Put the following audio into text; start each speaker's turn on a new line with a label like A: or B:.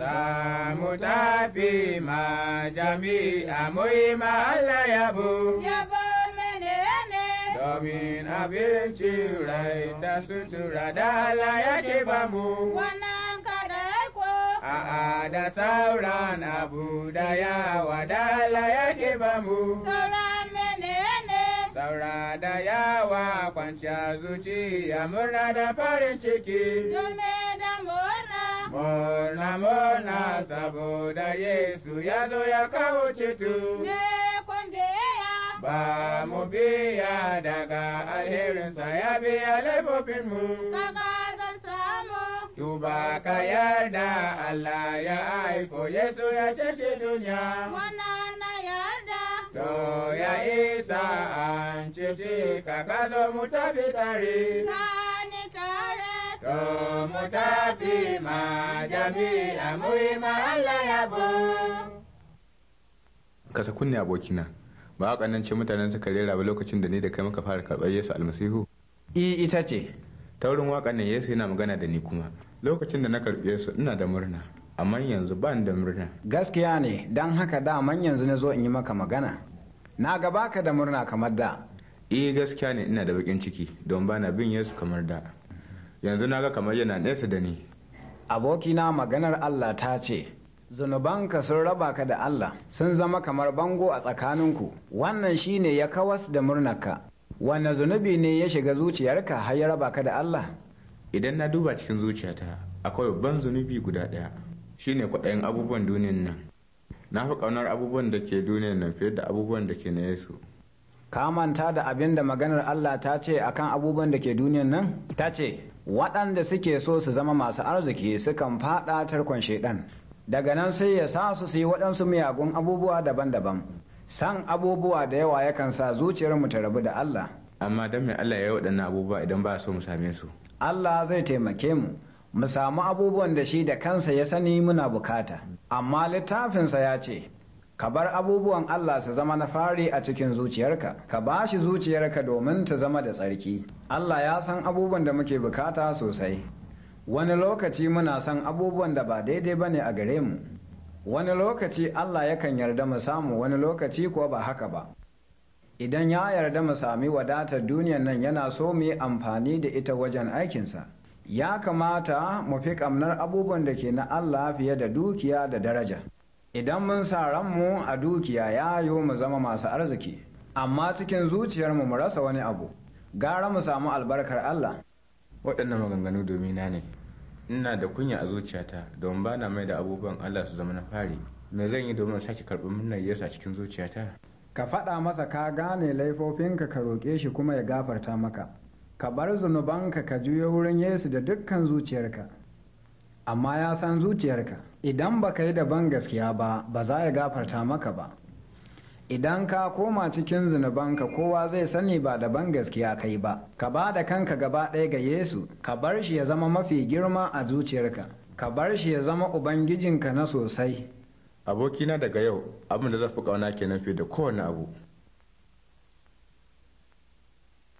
A: Za mu ma jami'a mu ma Allah yabo. Yabo mene ne? Domin abinci rai da sutura da Allah yake ba mu. Wannan kada ko? A'a da sauran abu da yawa da Allah yake ba mu. Sauran mene ne? Saura da yawa kwanciyar zuciya murna da farin ciki. Domin da murna. Mona mona saboda Yesu ya zo ya kawo ceto. Ne kwandaya. Ba mu biya daga alherinsa ya biya laifofinmu. Kaka zan samu. Tuba ka yarda Allah ya aiko Yesu ya cece duniya. Wannan na yarda. To ya isa an cece ka kazo mu tafi tare. mutadima jami'a muhimman Allah
B: Kasa kunne abokina, ba a nan ce mutanen suka rera ba lokacin da ni da kai muka fara karɓar Yesu almasihu? I ita ce. Taurin waƙan nan Yesu yana magana da ni kuma. Lokacin da na karɓi Yesu ina da murna, amma yanzu ba da murna. Gaskiya ne, don haka daman yanzu na zo in yi maka magana. Na gaba ka da murna kamar da. i gaskiya ne ina da bakin ciki don bana bin Yesu kamar da. yanzu na ga kamar yana nesa da ni abokina maganar allah ta ce zunubanka sun raba
C: ka da allah sun zama kamar bango a tsakaninku wannan shi ne ya kawas da murnarka
B: wanne zunubi ne
C: ya shiga zuciyarka har ya raba ka da allah
B: idan na duba cikin zuciyata akwai babban zunubi guda ɗaya shine kwaɗayin abubuwan duniyan nan na fi ƙaunar abubuwan da ke duniyan nan fiye da abubuwan da ke na yesu ka manta da
C: abin da maganar Allah ta ce akan abubuwan da ke duniyan nan ta ce waɗanda suke so su zama masu arziki sukan faɗa tarkon shaidan daga nan sai ya sa su yi waɗansu miyagun abubuwa daban-daban san abubuwa da yawa yakan sa zuciyar mu ta rabu da Allah
B: amma don me Allah ya yi waɗannan abubuwa idan ba so mu same su Allah zai taimake mu
C: mu samu abubuwan da shi da kansa ya sani muna bukata amma littafinsa ya ce ka bar abubuwan Allah su zama na fari a cikin zuciyarka ka ba shi zuciyarka domin ta zama da tsarki Allah ya san abubuwan da muke bukata sosai wani lokaci muna san abubuwan da ba daidai ba ne a gare mu wani lokaci Allah yakan yarda mu samu wani lokaci kuwa ba haka ba idan ya yarda mu sami wadatar duniyan nan yana so mu yi amfani da ita wajen aikinsa ya kamata mu fi ƙamnar abubuwan da ke na Allah fiye da dukiya da daraja idan mun sa ranmu a dukiya ya yi mu zama masu arziki amma cikin zuciyar mu
B: rasa wani abu gara mu samu albarkar Allah waɗannan maganganu domina ne ina da kunya a zuciyata don ba na mai da abubuwan Allah su zama na fari me zan yi domin sake karɓi murnar Yesu cikin zuciyata
C: ka faɗa masa ka gane laifofinka ka roƙe shi kuma ya gafarta maka ka bar zunubanka ka juyo wurin Yesu da dukkan zuciyarka amma ya san zuciyarka idan ba ka yi ban gaskiya ba ba za ya gafarta maka ba idan ka koma cikin zunubanka kowa zai sani ba da ban gaskiya kai ba ka ba da kanka gaba ɗaya ga yesu ka bar shi ya zama mafi girma a zuciyarka ka bar shi ya zama ubangijinka na sosai
B: abokina daga yau abin da zafi ƙauna kenan fiye da kowane abu